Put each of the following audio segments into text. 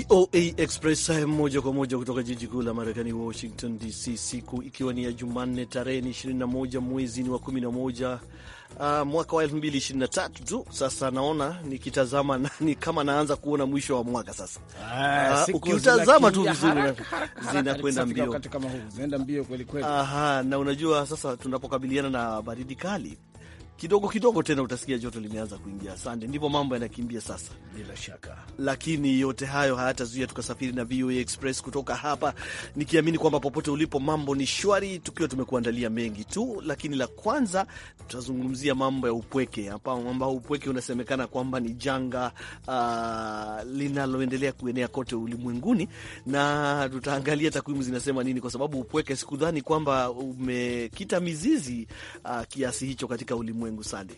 VOA Express eh, moja kwa moja kutoka jiji kuu la Marekani, Washington DC, siku ikiwa ni ya Jumanne tarehe ni 21 mwezi ni wa 11 Uh, ah, mwaka wa 2023 tu sasa, naona nikitazama nani kama naanza kuona mwisho wa mwaka sasa. Uh, ukiutazama tu vizuri zinakwenda mbio, aha, na unajua sasa tunapokabiliana na baridi kali kidogo kidogo tena utasikia joto limeanza kuingia. Asante, ndipo mambo yanakimbia sasa, bila shaka, lakini yote hayo hayatazuia tukasafiri na VOA Express kutoka hapa, nikiamini kwamba popote ulipo mambo ni shwari, tukiwa tumekuandalia mengi tu, lakini la kwanza tutazungumzia mambo ya upweke hapa, ambao upweke unasemekana kwamba ni janga uh, linaloendelea kuenea kote ulimwenguni, na tutaangalia takwimu zinasema nini, kwa sababu upweke sikudhani kwamba umekita mizizi uh, kiasi hicho katika ulimwengu Ngusade.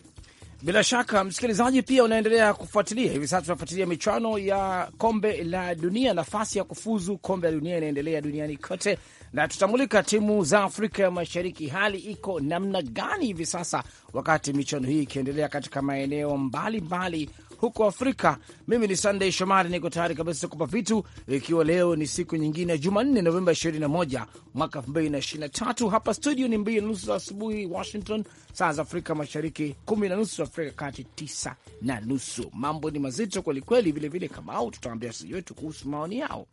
Bila shaka msikilizaji, pia unaendelea kufuatilia hivi sasa, tunafuatilia michuano ya kombe la dunia. Nafasi ya kufuzu kombe la dunia inaendelea duniani kote, na tutamulika timu za Afrika ya Mashariki, hali iko namna gani hivi sasa, wakati michuano hii ikiendelea katika maeneo mbalimbali huko Afrika. Mimi ni Sunday Shomari, niko tayari kabisa kupa vitu, ikiwa leo ni siku nyingine ya Jumanne, Novemba 21 mwaka 2023. Hapa studio ni mbili na nusu za asubuhi Washington, saa za Afrika Mashariki, kumi na nusu Afrika Kati, tisa na nusu. Mambo ni mazito kwelikweli, vilevile kama au tutawambia sisi wetu kuhusu maoni yao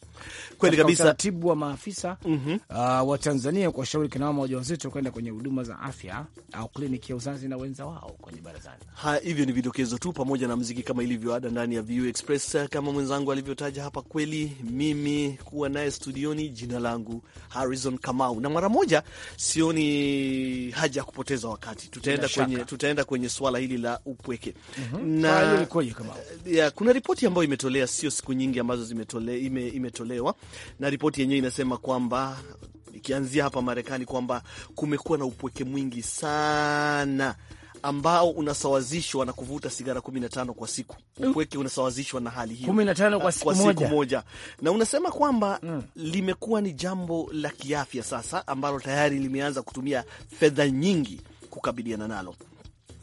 kweli kabisa, utaratibu wa maafisa mm -hmm. uh, wa Tanzania kuwashauri kinamama wajawazito kwenda kwenye huduma za afya au kliniki ya uzazi na wenza wao kwenye barazani. hivyo ni vidokezo tu pamoja na mziki kama kama ilivyo ada ndani ya VU Express. Eh, kama mwenzangu alivyotaja hapa, kweli mimi kuwa naye studioni, jina langu Harrison Kamau, na mara moja sioni haja ya kupoteza wakati, tutaenda kwenye, tutaenda kwenye swala hili la upweke mm -hmm. na eh, ya, kuna ripoti ambayo imetolea sio siku nyingi ambazo zimetole, ime, imetolewa na ripoti yenyewe inasema kwamba ikianzia hapa Marekani kwamba kumekuwa na upweke mwingi sana ambao unasawazishwa na kuvuta sigara 15 kwa siku. Mm. Upweke unasawazishwa na hali hiyo 15 kwa ah, siku, kwa siku moja. moja na unasema kwamba mm, limekuwa ni jambo la kiafya sasa ambalo tayari limeanza kutumia fedha nyingi kukabiliana nalo.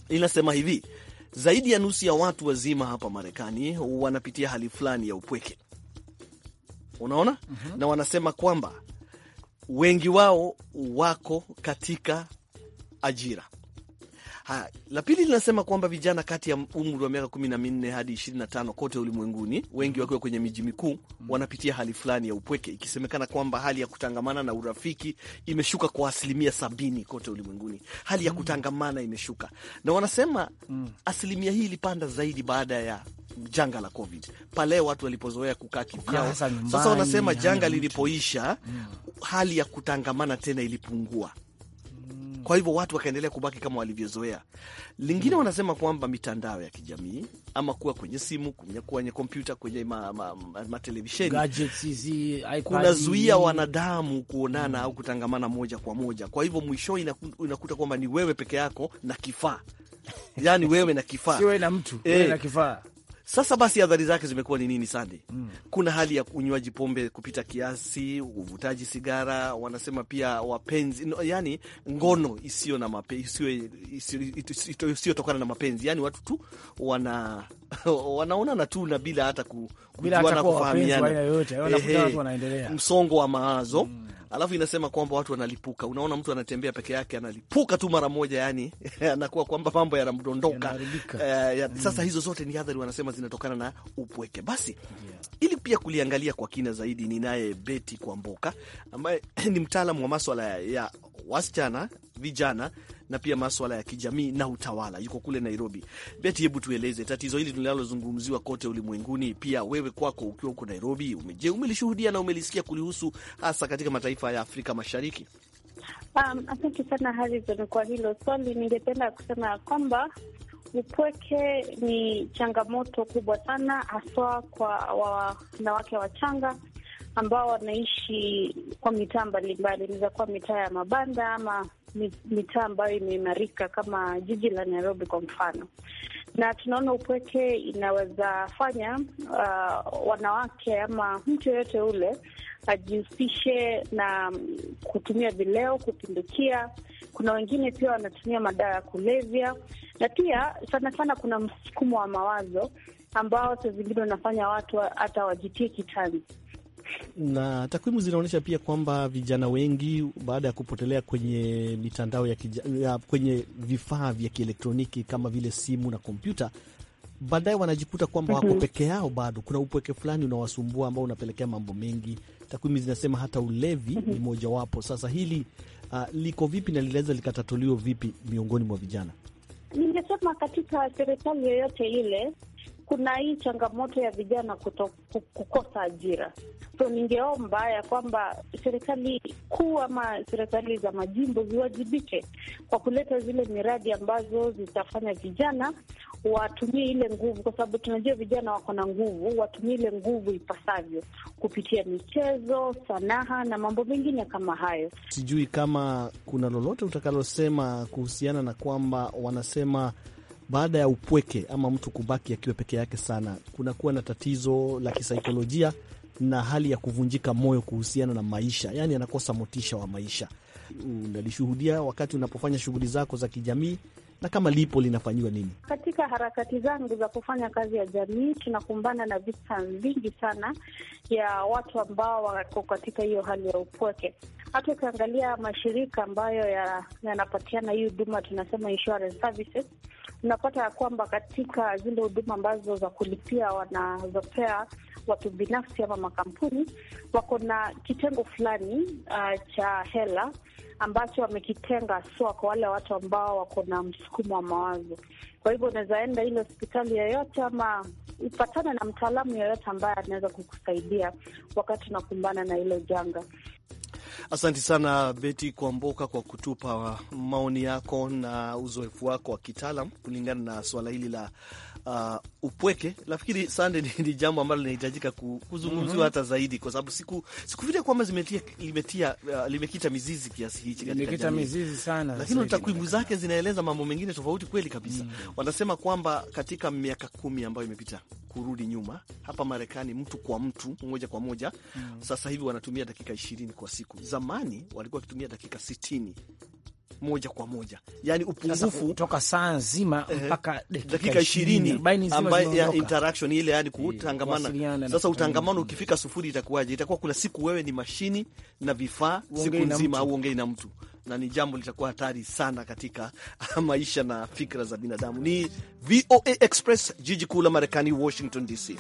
Linasema hivi, zaidi ya nusu ya watu wazima hapa Marekani wanapitia hali fulani ya upweke, unaona mm -hmm. na wanasema kwamba wengi wao wako katika ajira Ha, la pili linasema kwamba vijana kati ya umri wa miaka kumi na minne hadi ishirini na tano kote ulimwenguni, wengi mhm. wakiwa kwenye miji mikuu, mhm. wanapitia hali fulani ya upweke, ikisemekana kwamba hali ya kutangamana na urafiki imeshuka kwa asilimia sabini kote ulimwenguni. Hali ya mhm. kutangamana imeshuka, na wanasema asilimia hii ilipanda zaidi baada ya janga la COVID pale watu walipozoea kukaa kivyao. Sasa wanasema janga lilipoisha, hali ya kutangamana tena ilipungua Mm. Kwa hivyo watu wakaendelea kubaki kama walivyozoea. Lingine mm. wanasema kwamba mitandao ya kijamii ama kuwa kwenye simu, kwenye kompyuta, kwenye matelevisheni ma, ma, ma kunazuia wanadamu kuonana mm, au kutangamana moja kwa moja. Kwa hivyo mwisho unakuta kwamba ni wewe peke yako na kifaa, yani wewe na kifaa, siwe na mtu, e, wewe na kifaa sasa basi adhari zake zimekuwa ni nini, Sandi? Mm. Kuna hali ya unywaji pombe kupita kiasi, uvutaji sigara, wanasema pia wapenzi no, yani ngono isiyotokana na mapenzi, yani watu tu wana wanaonana tu na bila hata kujuana, msongo wa mawazo mm. Alafu inasema kwamba watu wanalipuka. Unaona, mtu anatembea peke yake analipuka tu mara moja, yani anakuwa kwamba mambo yanamdondoka ya uh, eh, ya, mm. Sasa hizo zote ni hadhari wanasema zinatokana na upweke. Basi yeah. Ili pia kuliangalia kwa kina zaidi, ni naye Beti Kwamboka ambaye ni mtaalamu wa maswala ya, ya wasichana vijana na pia maswala ya kijamii na utawala, yuko kule Nairobi. Beti, hebu tueleze tatizo hili linalozungumziwa kote ulimwenguni, pia wewe kwako ukiwa huko Nairobi, umeje umelishuhudia na umelisikia kulihusu, hasa katika mataifa ya Afrika Mashariki? Um, asante sana Harrison kwa hilo swali. Ningependa kusema ya kwamba upweke ni changamoto kubwa sana, haswa kwa wanawake wachanga ambao wanaishi kwa mitaa mbalimbali, inaweza kuwa mitaa ya mabanda ama mitaa ambayo imeimarika kama jiji la Nairobi kwa mfano, na tunaona upweke inaweza fanya uh, wanawake ama mtu yoyote ule ajihusishe na kutumia vileo kupindukia. Kuna wengine pia wanatumia madawa ya kulevya, na pia sana sana kuna msukumo wa mawazo ambao saa zingine unafanya watu hata wajitie kitanzi. Na takwimu zinaonyesha pia kwamba vijana wengi baada ya kupotelea kwenye mitandao ya, ya kwenye vifaa vya kielektroniki kama vile simu na kompyuta, baadaye wanajikuta kwamba wako mhm. peke yao, bado kuna upweke fulani unawasumbua ambao unapelekea mambo mengi. Takwimu zinasema hata ulevi ni mhm. mojawapo. Sasa hili uh, liko vipi na linaweza likatatuliwa vipi miongoni mwa vijana? Ningesema katika serikali yoyote ile kuna hii changamoto ya vijana kuto, kukosa ajira. So ningeomba ya kwamba serikali kuu ama serikali za majimbo ziwajibike kwa kuleta zile miradi ambazo zitafanya vijana watumie ile nguvu, kwa sababu tunajua vijana wako na nguvu, watumie ile nguvu ipasavyo kupitia michezo, sanaha na mambo mengine kama hayo. Sijui kama kuna lolote utakalosema kuhusiana na kwamba wanasema baada ya upweke ama mtu kubaki akiwa peke yake sana, kunakuwa na tatizo la kisaikolojia na hali ya kuvunjika moyo kuhusiana na maisha, yaani anakosa motisha wa maisha. Unalishuhudia wakati unapofanya shughuli zako za kijamii, na kama lipo linafanyiwa nini? Katika harakati zangu za kufanya kazi ya jamii, tunakumbana na visa vingi sana ya watu ambao wako katika hiyo hali ya upweke. Hata ukiangalia mashirika ambayo yanapatiana ya hii huduma tunasema insurance services unapata ya kwamba katika zile huduma ambazo za kulipia wanazopea watu binafsi ama makampuni, wako na kitengo fulani uh, cha hela ambacho wamekitenga swa kwa wale watu ambao wako na msukumo wa mawazo. Kwa hivyo unaweza enda ile hospitali yoyote ama upatane na mtaalamu yoyote ambaye anaweza kukusaidia wakati unakumbana na hilo janga asanti sana Beti Kwamboka kwa kutupa maoni yako na uzoefu wako wa kitaalam kulingana na swala hili la Uh, upweke nafikiri sande ni, ni jambo ambalo linahitajika kuzungumziwa mm -hmm. hata zaidi kwa sababu siku sikufikiria kwamba zimetia limetia uh, limekita mizizi kiasi hichi katika mizizi sana, lakini takwimu zake zinaeleza mambo mengine tofauti kweli kabisa mm -hmm. wanasema kwamba katika miaka kumi ambayo imepita kurudi nyuma. Hapa Marekani mtu kwa mtu, moja kwa moja mm. Sasa hivi wanatumia dakika ishirini kwa siku. Zamani walikuwa wakitumia dakika sitini moja kwa moja, yani upungufu toka saa nzima eh, mpaka dakika ishirini ambayo ya interaction ile, yani eh, kutangamana. Sasa utangamano ukifika sufuri itakuwaje? Itakuwa kuna siku wewe ni mashini na vifaa, siku nzima au ongei na mtu na ni jambo litakuwa hatari sana katika maisha na fikra za binadamu. Ni VOA Express, jiji kuu la Marekani, Washington DC.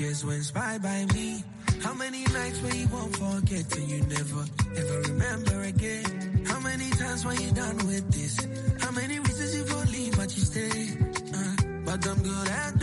years went by by me. How many nights where you won't forget and you never ever remember again? How many times were you done with this? How many reasons you won't leave but you stay? Uh, but I'm good at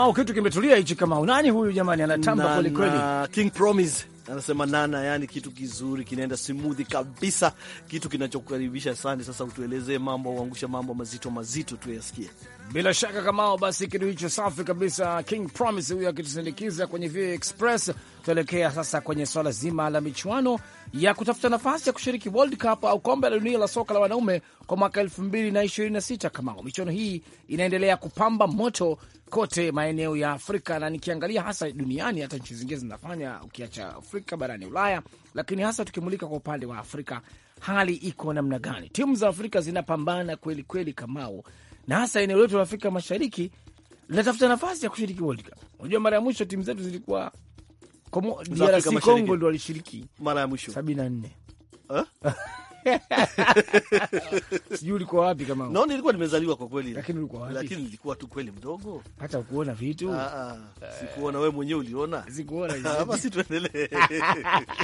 Kamau, kitu kimetulia hichi Kamau. Nani huyu jamani, anatamba kweli kweli. King Promise anasema nana, yani kitu kizuri kinaenda smooth kabisa, kitu kinachokaribisha sana. Sasa utueleze mambo, uangusha mambo mazito mazito tuyasikie. Bila shaka Kamao, basi kitu hicho safi kabisa. King Promise huyu akitusindikiza kwenye VOA Express. Tuelekea sasa kwenye swala zima la michuano ya kutafuta nafasi ya kushiriki World Cup au kombe la dunia la soka la wanaume kwa mwaka 2026 Kamao. Michuano hii inaendelea kupamba moto kote maeneo ya Afrika na nikiangalia hasa duniani, hata nchi zingine zinafanya, ukiacha Afrika barani Ulaya, lakini hasa tukimulika kwa upande wa Afrika, hali iko namna gani? Timu za Afrika zinapambana kweli kweli, Kamao, na hasa eneo letu la Afrika Mashariki linatafuta nafasi ya kushiriki World Cup. Unajua, mara ya mwisho timu zetu zilikuwa DRC Congo ndo alishiriki mara ya mwisho sabini na nne eh? sijui ulikuwa wapi kama no, nilikuwa nimezaliwa kwa kweli, lakini ulikuwa wapi? Lakini nilikuwa tu kweli mdogo, hata ukuona vitu. Ah, ah. sikuona. Wewe mwenyewe uliona? Sikuona. Hapa si tuendelee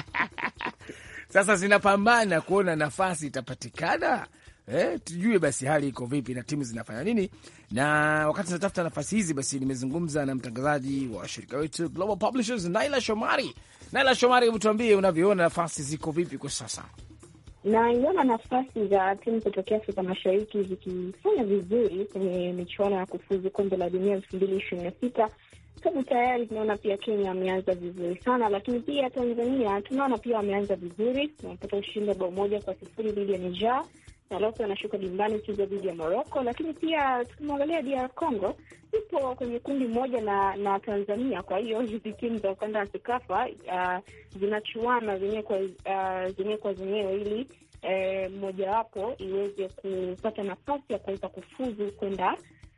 sasa, zinapambana kuona nafasi itapatikana eh, tujue basi hali iko vipi na timu zinafanya nini. Na wakati natafuta nafasi hizi, basi nimezungumza na mtangazaji wa washirika wetu Global Publishers, Naila Shomari. Naila Shomari, hebu tuambie unavyoona nafasi ziko vipi kwa sasa? Naiona nafasi za timu kutokea Afrika Mashariki zikifanya vizuri kwenye michuano ya kufuzu kombe la dunia elfu mbili ishirini na sita sababu tayari tunaona pia Kenya wameanza vizuri sana, lakini pia Tanzania tunaona pia wameanza vizuri, tunapata ushindi wa bao moja kwa sifuri dhidi ya Nijaa alafu anashuka dimbani kucheza dhidi ya Morocco. Lakini pia tukimwangalia DR Congo ipo kwenye kundi moja na na Tanzania, kwa hiyo hizi timu za ukanda wa Sekafa uh, ah, zinachuana zenyewe kwa uh, zenyewe kwa zenyewe ili mmojawapo eh, iweze kupata nafasi ya kuweza kufuzu kwenda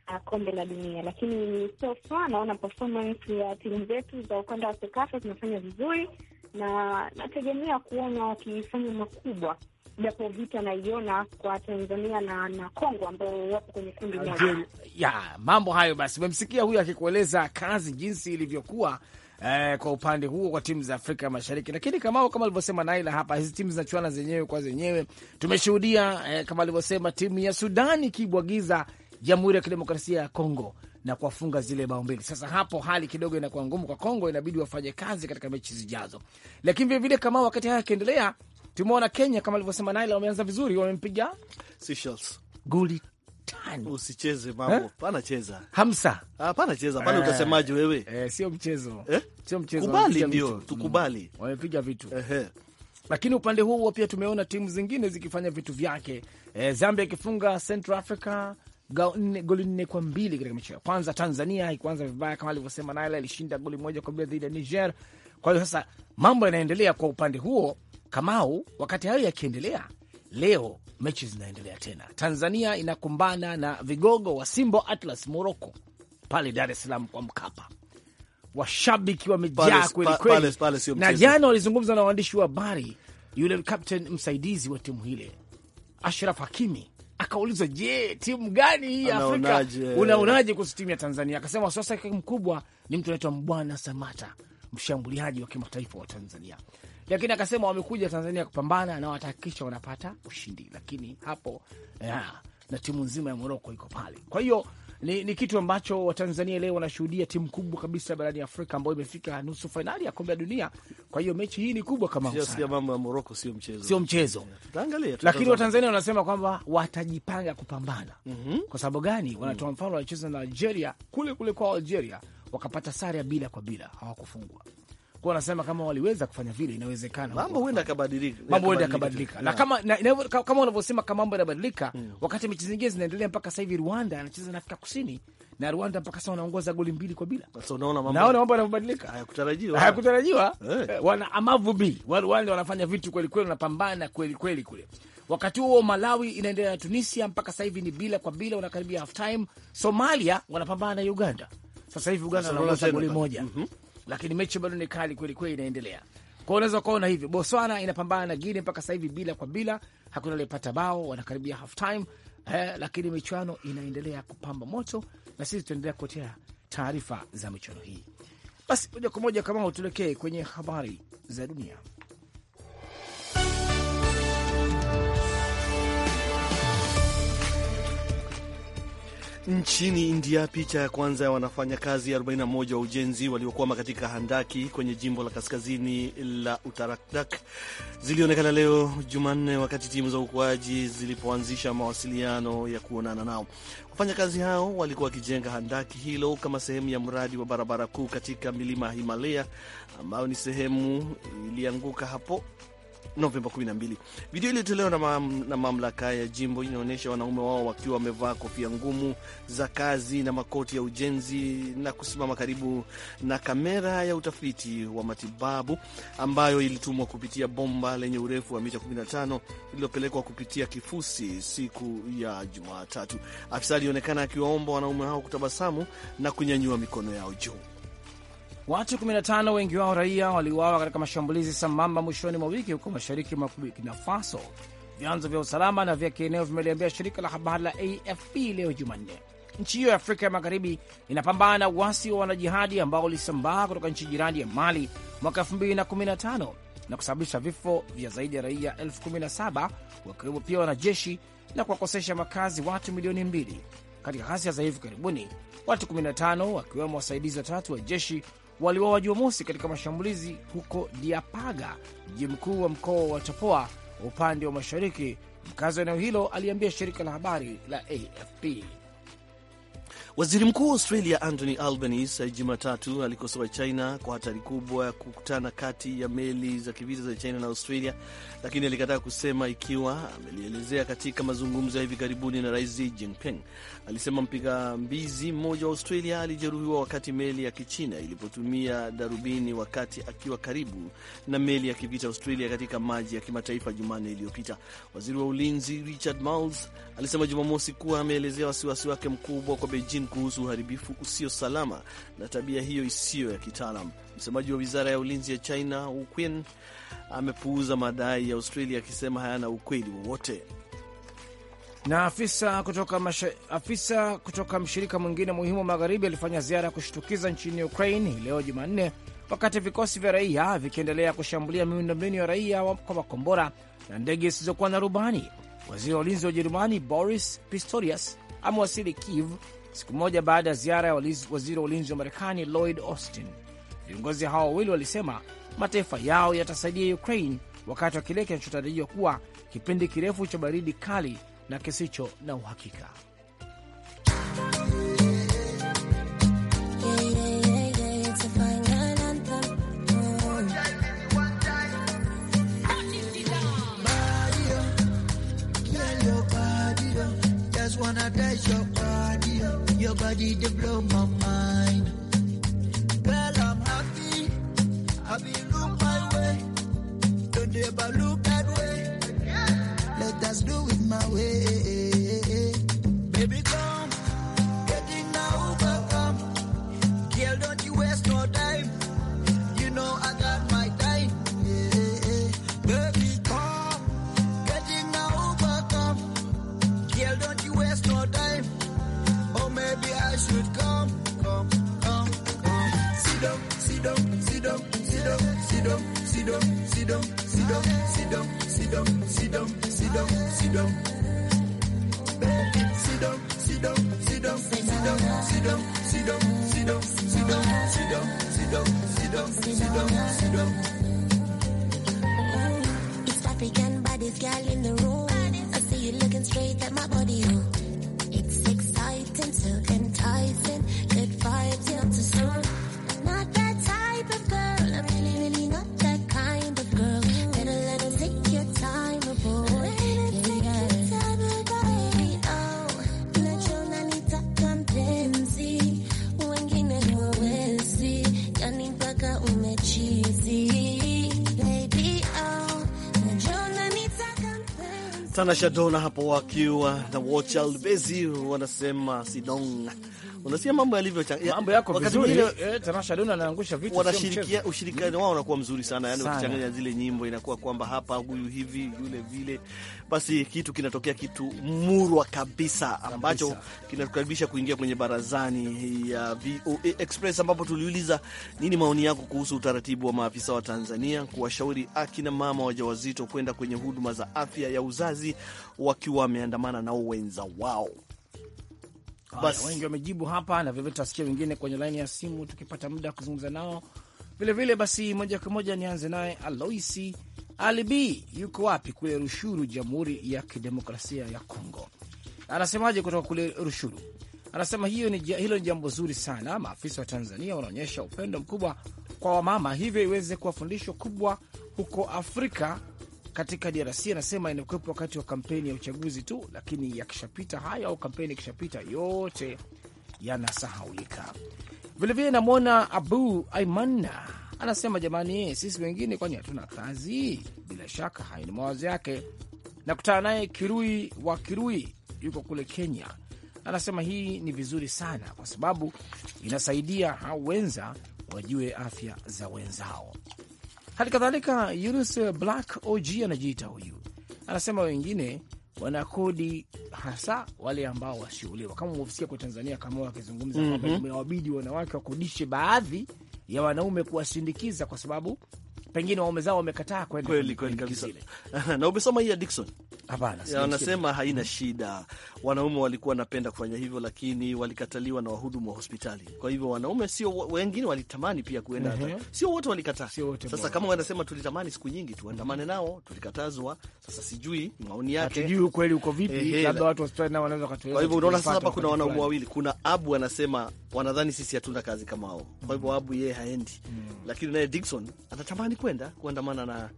uh, kombe la dunia. Lakini so far naona performance ya timu zetu za ukanda wa Sekafa zinafanya vizuri na nategemea kuona wakifanya makubwa japo vita naiona kwa Tanzania na na Kongo ambao wapo kwenye kundi moja ya mambo hayo. Basi umemsikia huyu akikueleza kazi jinsi ilivyokuwa eh, kwa upande huo kwa timu za Afrika Mashariki. Lakini kama kama alivyosema Naila hapa, hizi timu zinachuana zenyewe kwa zenyewe. Tumeshuhudia eh, kama alivyosema timu ya Sudan ikibwagiza Jamhuri ya Kidemokrasia ya Kongo na kuwafunga zile bao mbili. Sasa hapo hali kidogo inakuwa ngumu kwa Kongo, inabidi wafanye kazi katika mechi zijazo. Lakini vilevile kama wakati haya akiendelea, Tumeona Kenya kama alivyosema Naila, wameanza vizuri, wamempiga Seychelles goli tano. Usicheze mambo, eh? pana cheza hamsa, ah, pana cheza eh. Utasemaje wewe? Eh, sio mchezo eh? Sio mchezo, kubali, ndio tukubali. Mm. wamepiga vitu ehe lakini upande huo huo pia tumeona timu zingine zikifanya vitu vyake. E, Zambia ikifunga Central Africa goli nne kwa mbili katika mechi ya kwanza. Tanzania haikuanza vibaya kama alivyosema Naila, ilishinda goli moja kwa mbili dhidi ya Niger. Kwa hiyo sasa mambo yanaendelea kwa upande huo, Kamau. Wakati hayo yakiendelea, leo mechi zinaendelea tena. Tanzania inakumbana na vigogo wa Simba Atlas Morocco pale Dar es Salaam kwa Mkapa. Washabiki wamejaa kwelikweli, na jana walizungumza na waandishi wa habari, yule kapteni msaidizi wa timu hile Ashraf Hakimi akaulizwa, je, timu gani hii ya Afrika unaonaje kuhusu timu ya Tanzania? Akasema wasiwasi mkubwa ni mtu anaitwa Mbwana Samata mshambuliaji wa kimataifa wa Tanzania, lakini akasema wamekuja Tanzania kupambana na watahakikisha wanapata ushindi, lakini hapo ya, na timu nzima ya Moroko iko pale. Kwa hiyo ni, ni kitu ambacho Watanzania leo wanashuhudia timu kubwa kabisa barani Afrika ambayo imefika nusu fainali ya kombe la dunia. Kwa hiyo mechi hii ni kubwa kama mambo ya Moroko sio mchezo, sio mchezo. Tutaangalia, lakini Watanzania wanasema kwamba watajipanga kupambana. mm -hmm. Kwa sababu gani? Wanatoa mfano, wanacheza na Algeria kule kule kwa Algeria wakapata sare ya bila kwa bila, hawakufungwa. Kwa wanasema kama waliweza kufanya vile, inawezekana mambo huenda yakabadilika, mambo huenda yakabadilika, na kama na, na, kama unavyosema kama mambo yanabadilika hmm. Wakati mechi zingine zinaendelea, mpaka sasa hivi Rwanda anacheza na Afrika Kusini na Rwanda mpaka sasa wanaongoza goli mbili kwa bila. Sasa unaona mambo, naona mambo yanabadilika, hayakutarajiwa, hayakutarajiwa. Hey. Eh. Eh, wana amavu bi wa Rwanda wanafanya vitu kweli kweli, wanapambana kweli kweli kule. Wakati huo Malawi inaendelea na Tunisia, mpaka sasa hivi ni bila kwa bila, unakaribia half time. Somalia wanapambana na Uganda sasa hivi Uganda anaongoza goli moja, mm -hmm. lakini mechi bado ni kali kweli kweli, inaendelea kwa unaweza ukaona hivyo. Botswana inapambana na Guinea mpaka sasa hivi bila kwa bila, hakuna aliyepata bao, wanakaribia half time eh, lakini michuano inaendelea kupamba moto na sisi tutaendelea kuotea taarifa za michuano hii. Basi moja kwa moja, kama tuelekee kwenye habari za dunia. Nchini India, picha ya kwanza ya wanafanyakazi 41 wa ujenzi waliokwama katika handaki kwenye jimbo la kaskazini la Uttarakhand zilionekana leo Jumanne, wakati timu za uokoaji zilipoanzisha mawasiliano ya kuonana nao. Wafanyakazi hao walikuwa wakijenga handaki hilo kama sehemu ya mradi wa barabara kuu katika milima ya Himalaya ambayo ni sehemu ilianguka hapo Novemba 12. Video iliyotolewa na, mam, na mamlaka ya jimbo inaonyesha wanaume wao wakiwa wamevaa kofia ngumu za kazi na makoti ya ujenzi na kusimama karibu na kamera ya utafiti wa matibabu ambayo ilitumwa kupitia bomba lenye urefu wa mita 15 lililopelekwa kupitia kifusi siku ya Jumatatu. Afisa alionekana akiwaomba wanaume hao kutabasamu na kunyanyua mikono yao juu. Watu 15 wengi wao raia waliuawa katika mashambulizi sambamba mwishoni mwa wiki huko mashariki mwa Burkina Faso, vyanzo vya usalama na vya kieneo vimeliambia shirika la habari la AFP leo Jumanne. Nchi hiyo ya Afrika ya Magharibi inapambana na uasi wa wanajihadi ambao ulisambaa kutoka nchi jirani ya Mali mwaka 2015 na, na kusababisha vifo vya zaidi ya raia 17 wakiwemo pia wanajeshi na kuwakosesha makazi watu milioni mbili. Katika ghasia za hivi karibuni watu 15 wakiwemo wasaidizi watatu wa jeshi jua Jumamosi katika mashambulizi huko Diapaga, mji mkuu wa mkoa wa Tapoa upande wa mashariki. Mkazi wa eneo hilo aliambia shirika la habari la AFP. Waziri Mkuu wa Australia Anthony Albanese Jumatatu alikosoa China kwa hatari kubwa ya kukutana kati ya meli za kivita za China na Australia, lakini alikataa kusema ikiwa amelielezea katika mazungumzo ya hivi karibuni na Rais Xi Jinping. Alisema mpiga mbizi mmoja wa Australia alijeruhiwa wakati meli ya Kichina ilipotumia darubini wakati akiwa karibu na meli ya kivita Australia katika maji ya kimataifa Jumanne iliyopita. Waziri wa Ulinzi Richard Marles alisema Jumamosi kuwa ameelezea wasiwasi wake mkubwa kwa Beijing kuhusu uharibifu usio salama na tabia hiyo isiyo ya kitaalam. Msemaji wa wizara ya ulinzi ya China Uqin amepuuza madai ya Australia akisema hayana ukweli wowote. Na afisa kutoka, masha, afisa kutoka mshirika mwingine muhimu wa magharibi alifanya ziara ya kushtukiza nchini Ukraine hii leo Jumanne, wakati vikosi vya raia vikiendelea kushambulia miundombinu ya raia kwa makombora na ndege zisizokuwa na rubani. Waziri wa ulinzi wa Ujerumani Boris Pistorius amewasili Kiev siku moja baada ya ziara ya waziri wa ulinzi wa Marekani Lloyd Austin. Viongozi hao wawili walisema mataifa yao yatasaidia Ukraine wakati wa kile kinachotarajiwa kuwa kipindi kirefu cha baridi kali na kisicho na uhakika. your body they blow my mind. Girl, I'm happy. I be look my way. Don't ever look that way. Let us do it my way. Baby, come. It's African bodies, girl in the room. I see you looking straight at my. Tanashadona hapo wakiwa na Bezi wanasema Sidong unasikia mambo yalivyo, mambo yako vizuri, eh, tamasha leo anaangusha vitu, wanashirikia ushirikiano wao unakuwa mzuri sana, yani ukichanganya zile nyimbo inakuwa kwamba hapa huyu hivi yule vile, basi kitu kinatokea kitu murwa kabisa ambacho kinatukaribisha kuingia kwenye barazani ya VOA Express ambapo tuliuliza nini maoni yako kuhusu utaratibu wa maafisa wa Tanzania kuwashauri akina mama wajawazito kwenda kwenye huduma za afya ya uzazi wakiwa wameandamana nao wenza wao. Basi wengi wamejibu hapa, na vilevile tutasikia wengine kwenye laini ya simu tukipata muda kuzungumza nao vilevile vile. Basi moja kwa moja nianze naye Aloisi Alibi, yuko wapi? Kule Rushuru, Jamhuri ya Kidemokrasia ya Kongo. Anasemaje kutoka kule Rushuru? Anasema hiyo ni, hilo ni jambo zuri sana. Maafisa wa Tanzania wanaonyesha upendo mkubwa kwa wamama, hivyo iweze kuwa fundisho kubwa huko Afrika katika DRC anasema inakuwepo wakati wa kampeni ya uchaguzi tu, lakini yakishapita hayo au kampeni ikishapita yote yanasahaulika. Vilevile namwona Abu Aimanna anasema jamani, sisi wengine kwani hatuna kazi? Bila shaka hayo ni mawazo yake. Nakutana naye Kirui wa Kirui, yuko kule Kenya, anasema hii ni vizuri sana kwa sababu inasaidia hao wenza wajue afya za wenzao. Hali kadhalika Yunus Black OG anajiita huyu, anasema wengine wanakodi hasa wale ambao wasiuliwa, kama unavyosikia kwa Tanzania, kama wakizungumza kwamba mhm. imewabidi wanawake wakodishe baadhi ya wanaume kuwasindikiza kwa sababu pengine waume zao wamekataa kwenda kweli kweli kabisa na umesoma hii ya Dickson? Hapana, wanasema haina mm, shida, wanaume walikuwa wanapenda kufanya hivyo, lakini walikataliwa na wahudumu wa hospitali. Kwa hivyo wanaume sio wengine walitamani pia kuenda mm -hmm. Sio wote walikataa. Sasa kama wanasema tulitamani siku nyingi tuandamane mm, nao, tulikatazwa. Sasa sijui maoni yake, hatujui ukweli uko vipi, labda watu hospitali nao wanaweza kutueleza. Kwa hivyo unaona sasa hapa kuna wanaume wawili, kuna Abu anasema wanadhani sisi hatuna kazi kama wao, kwa hivyo mm-hmm. Abu yeye haendi, mm, lakini naye Dickson anatamani alikwenda kuandamana na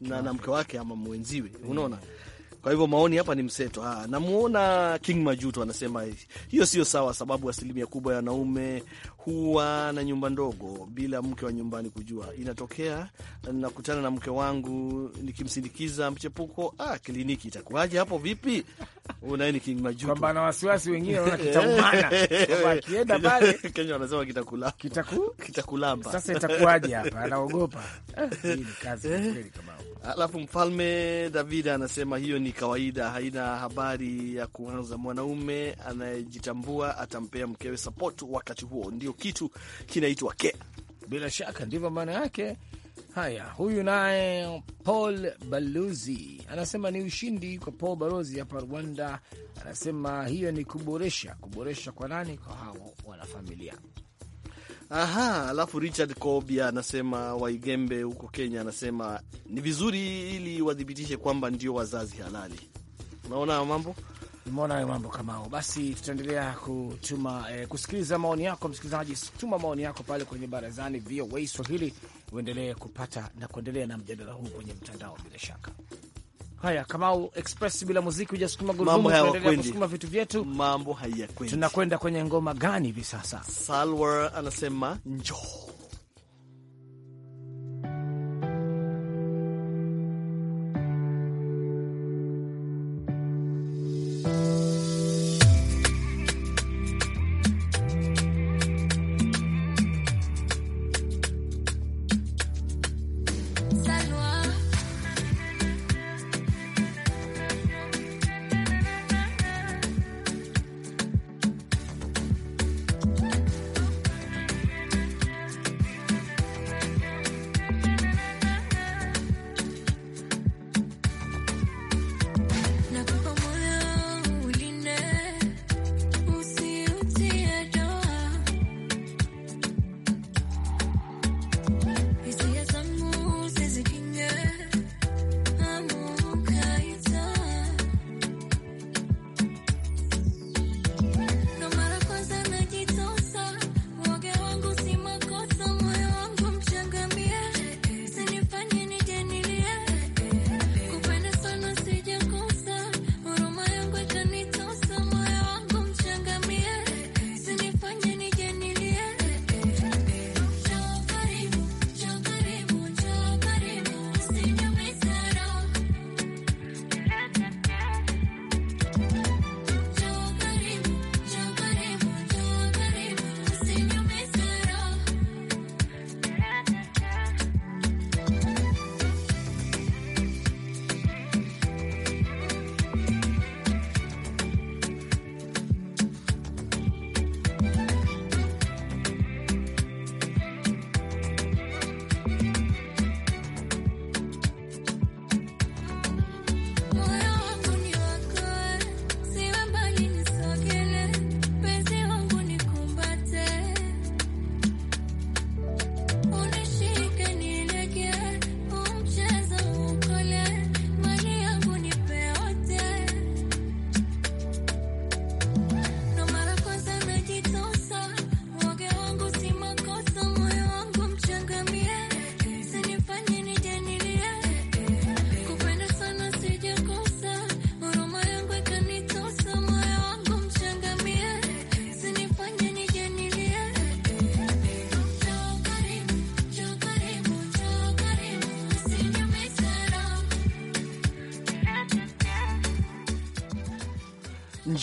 na, na, mke wake ama mwenziwe, unaona kwa hivyo maoni hapa ni mseto. Ah, namuona King Majuto anasema hiyo sio sawa, sababu asilimia kubwa ya wanaume huwa na nyumba ndogo bila mke wa nyumbani kujua. Inatokea nakutana na mke wangu nikimsindikiza mchepuko, ah, kliniki itakuwaje hapo? Vipi unaeni King Majuto kwamba na wasiwasi wengine wana kitaumana kwamba akienda pale Kenya wanasema kitakula kitaku kitakulamba. Sasa itakuwaje hapa? Anaogopa ah, hii ni kazi kweli kama Alafu mfalme David anasema hiyo ni kawaida, haina habari ya kuanza. Mwanaume anayejitambua atampea mkewe support wakati huo, ndio kitu kinaitwa ke Bila shaka ndivyo maana yake. Haya, huyu naye Paul Baluzi anasema ni ushindi kwa Paul Balozi hapa Rwanda, anasema hiyo ni kuboresha. Kuboresha kwa nani? Kwa hao wanafamilia. Aha, alafu Richard Kobia anasema Waigembe huko Kenya, anasema ni vizuri ili wadhibitishe kwamba ndio wazazi halali. Unaona hayo mambo, umeona hayo mambo kama hao. Basi tutaendelea kutuma eh, kusikiliza maoni yako msikilizaji, tuma maoni yako pale kwenye barazani VOA Swahili, uendelee kupata na kuendelea na mjadala huu kwenye mtandao bila shaka. Haya, Kamau Express, bila muziki hujasukuma gurudumu, kusukuma vitu vyetu, mambo hayakwenda. Tunakwenda kwenye ngoma gani hivi sasa? Salwa anasema njoo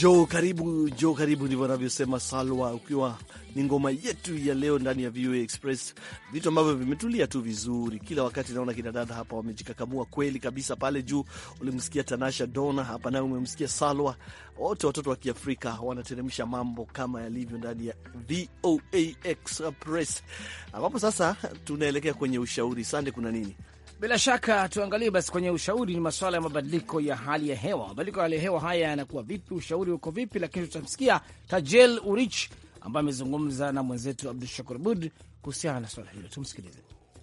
jo karibu, jo karibu, ndivyo anavyosema Salwa, ukiwa ni ngoma yetu ya leo ndani ya VOA Express, vitu ambavyo vimetulia tu vizuri kila wakati. Naona kina dada hapa wamejikakamua kweli kabisa. Pale juu ulimsikia Tanasha Dona, hapa naye umemsikia Salwa, wote watoto wa Kiafrika wanateremsha mambo kama yalivyo ndani ya VOA Express, ambapo sasa tunaelekea kwenye ushauri. Sande, kuna nini? Bila shaka tuangalie basi kwenye ushauri, ni masuala ya mabadiliko ya hali ya hewa. Mabadiliko ya hali ya hewa haya yanakuwa vipi? Ushauri uko vipi? Lakini tutamsikia Tajel Urich ambaye amezungumza na mwenzetu Abdu Shakur bud kuhusiana na swala hilo. Tumsikilize.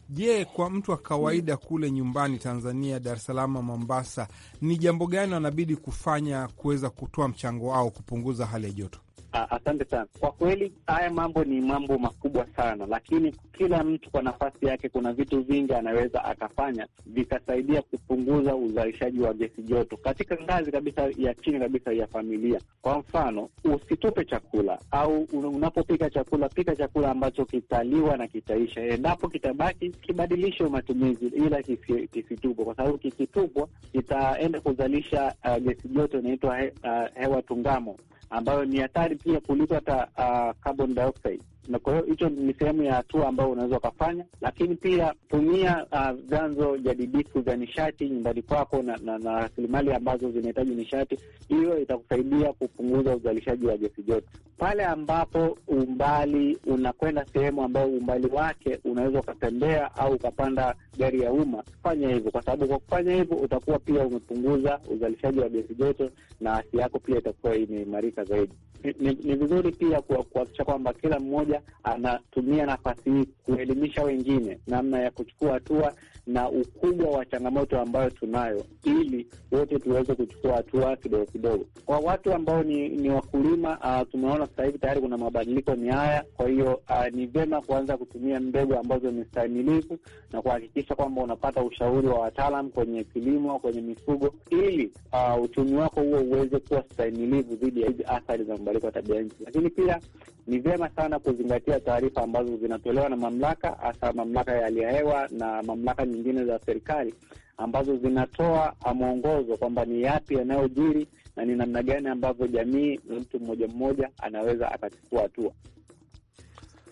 Je, kwa mtu wa kawaida kule nyumbani Tanzania, Dar es Salaam, Mombasa, ni jambo gani wanabidi kufanya kuweza kutoa mchango wao kupunguza hali ya joto? Ah, asante sana. Kwa kweli haya mambo ni mambo makubwa sana, lakini kila mtu kwa nafasi yake, kuna vitu vingi anaweza akafanya vikasaidia kupunguza uzalishaji wa gesi joto katika ngazi kabisa ya chini kabisa ya familia. Kwa mfano, usitupe chakula au unapopika chakula, pika chakula ambacho kitaliwa na kitaisha. Endapo kitabaki, kibadilishe matumizi, ila kisitupwe, kwa sababu kikitupwa kitaenda kuzalisha uh, gesi joto inaitwa he, uh, hewa tungamo ambayo ni hatari pia kuliko hata uh, carbon dioxide na kwa hiyo hicho ni sehemu ya hatua ambayo unaweza ukafanya, lakini pia tumia ah, vyanzo uh, jadidifu vya nishati nyumbani kwako na, na, na rasilimali ambazo zinahitaji nishati. Hiyo itakusaidia kupunguza uzalishaji wa gesi joto. Pale ambapo umbali unakwenda sehemu ambayo umbali wake unaweza ukatembea au ukapanda gari ya umma, fanya hivyo, kwa sababu kwa kufanya hivyo utakuwa pia umepunguza uzalishaji wa gesi joto na afya yako pia itakuwa imeimarika zaidi ni, vizuri pia kuhakikisha kwamba kila mmoja anatumia nafasi hii kuelimisha wengine namna ya kuchukua hatua na ukubwa wa changamoto ambayo tunayo, ili wote tuweze kuchukua hatua kidogo kidogo. Kwa watu ambao ni, ni wakulima uh, tumeona sasa hivi tayari kuna mabadiliko ni haya. Kwa hiyo uh, ni vyema kuanza kutumia mbegu ambazo ni stahimilivu na kuhakikisha kwamba unapata ushauri wa wataalam kwenye kilimo, kwenye mifugo, ili uh, uchumi wako huo uweze kuwa stahimilivu dhidi ya hizi athari za mabadiliko ya tabia nchi. Lakini pia ni vyema sana kuzingatia taarifa ambazo zinatolewa na mamlaka, hasa mamlaka ya hali ya hewa na mamlaka nyingine za serikali ambazo zinatoa mwongozo kwamba ni yapi yanayojiri na ni namna gani ambavyo jamii na mtu mmoja mmoja anaweza akachukua hatua.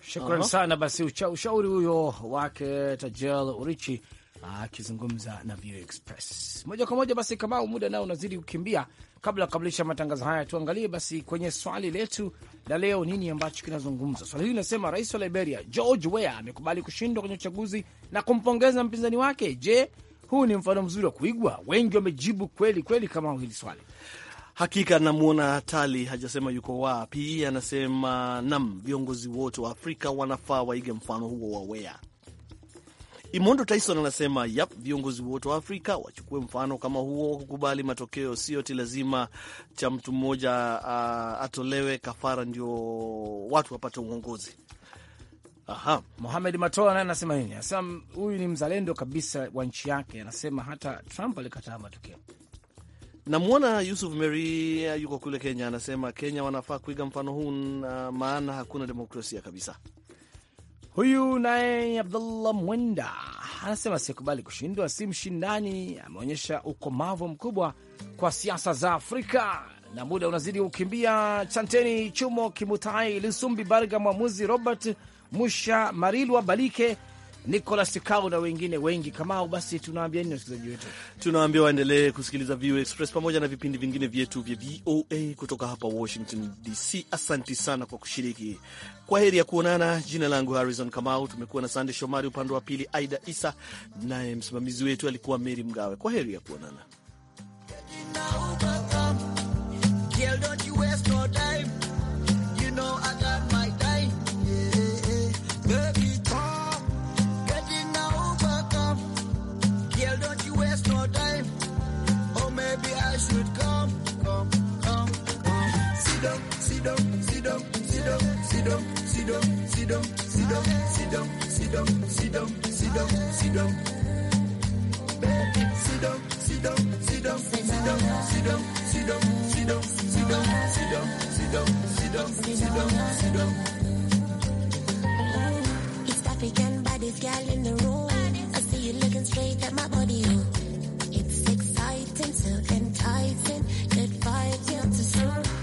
Shukran sana. Basi ushauri huyo wake Tajel Urichi akizungumza na VOA Express moja kwa moja. Basi Kamau, muda nao unazidi kukimbia. Kabla ya kukamilisha matangazo haya, tuangalie basi kwenye swali letu la leo, nini ambacho kinazungumza swali hili. Linasema rais wa Liberia George Weah amekubali kushindwa kwenye uchaguzi na kumpongeza mpinzani wake. Je, huu ni mfano mzuri wa kuigwa? Wengi wamejibu kweli kweli, kama hili swali Hakika namwona Tali hajasema yuko wapi, anasema nam, viongozi wote wa Afrika wanafaa waige mfano huo wa Wea. Imondo Tyson anasema yap, viongozi wote wa Afrika wachukue mfano kama huo, kukubali matokeo sio ti lazima cha mtu mmoja uh, atolewe kafara ndio watu wapate uongozi. Aha. Mohamed Matoa naye anasema nini? Anasema huyu ni mzalendo kabisa wa nchi yake, anasema hata Trump alikataa matokeo. Namwona Yusuf Meria yuko kule Kenya, anasema Kenya wanafaa kuiga mfano huu, maana hakuna demokrasia kabisa. Huyu naye Abdullah Mwenda anasema sikubali kushindwa, si mshindani. Ameonyesha ukomavu mkubwa kwa siasa za Afrika na muda unazidi kukimbia. Chanteni Chumo Kimutai Lusumbi Barga, mwamuzi Robert Musha Marilwa Balike Nicolas Kau na wengine wengi kamao. Basi tunawambia nini wasikilizaji wetu? tunawambia waendelee kusikiliza VOA Express pamoja na vipindi vingine vyetu vya VOA kutoka hapa Washington DC. Asanti sana kwa kushiriki. Kwa heri ya kuonana. Jina langu Harrison Kamau, tumekuwa na Sande Shomari upande wa pili, Aida Isa naye msimamizi wetu alikuwa Meri Mgawe. Kwa heri ya kuonana. down, sit down, sit down, sit down, sit down, sit down, sit down, sit down, sit down. Sit down, sit down, sit down, sit down, sit down, sit down, sit down, sit down, sit down, sit down, sit down, sit down, sit It's African bodies, girl in the room. I see you looking straight at my body. It's exciting, so enticing. Good vibes, you're to serve.